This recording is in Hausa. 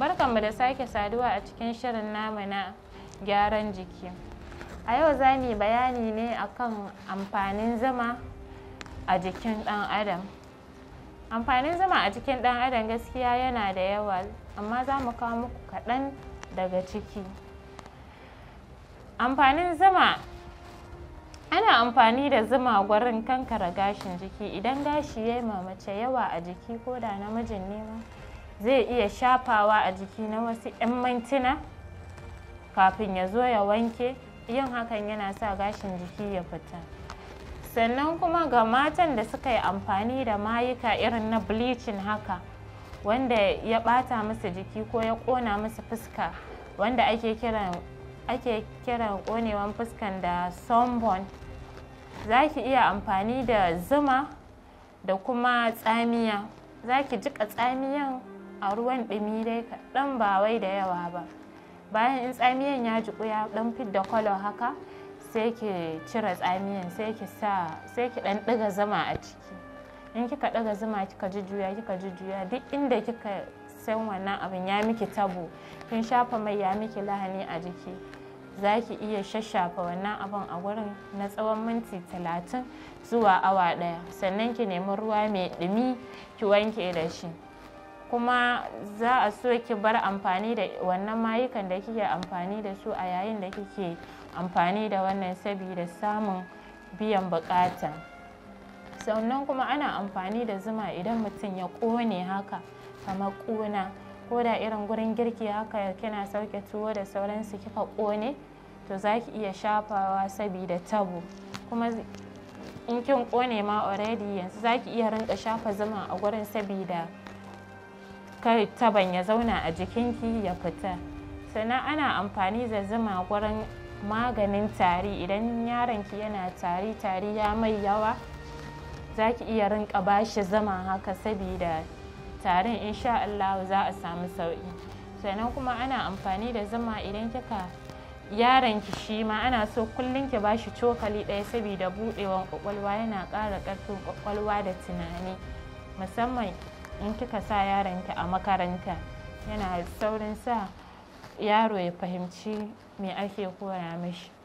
mu da sake saduwa a cikin shirin namu na gyaran jiki a yau za mu yi bayani ne akan amfanin zama a jikin dan adam amfanin zama a jikin dan adam gaskiya yana da yawa amma za mu kawo muku kaɗan daga ciki amfanin zama ana amfani da zuma gwarin kankare gashin jiki idan gashi ya yi mamace yawa a jiki ko da namijin nema. zai iya shafawa a jiki na wasu 'yan mintuna kafin ya zo ya wanke yin hakan yana sa gashin jiki ya fita sannan kuma ga matan da suka yi amfani da mayuka irin na bleaching haka wanda ya bata musu jiki ko ya kona musu fuska wanda ake kiran konewan fuskan da sunburn za ki iya amfani da zuma da kuma tsamiya za ki jiƙa tsamiyan a ruwan ɗumi dai kaɗan ba wai da yawa ba bayan in tsamiyan ya jiku ya ɗan fidda kwalo haka sai ki cire tsamiyan sai ki ɗan ɗiga zama a ciki in kika ɗaga zuma kika jujjuya kika jujjuya duk inda kika san wannan abin ya miki tabo kin shafa mai ya miki lahani a jiki za ki iya shashafa wannan abin a wurin na tsawon minti talatin zuwa awa ɗaya sannan ki nemi ruwa mai ɗumi ki wanke da shi kuma za a so ki bar amfani da wannan mayukan da kike amfani da su a yayin da kike amfani da wannan saboda samun biyan bukata sannan kuma ana amfani da zuma idan mutum ya kone haka kamar kuna ko da irin gurin girki haka kina sauke tuwo da sauransu kika kone to za ki iya shafawa saboda tabo kuma in kin kone ma already yanzu za ki iya rinka shafa zuma a gurin saboda kai taban ya zauna a jikinki ya fita sannan ana amfani da zuma gurin maganin tari idan yaronki yana tari tari ya mai yawa za ki iya rinka bashi zama haka saboda tarin insha Allah za a samu sauki sannan kuma ana amfani da zama idan kika ki shi ma ana so kullum ki bashi cokali ɗaya saboda buɗewan ƙwaƙwalwa yana ƙara ƙarfin kwakwalwa da tunani musamman in kika sa yaronki a makaranta yana saurin sa yaro ya fahimci me ake koya mishi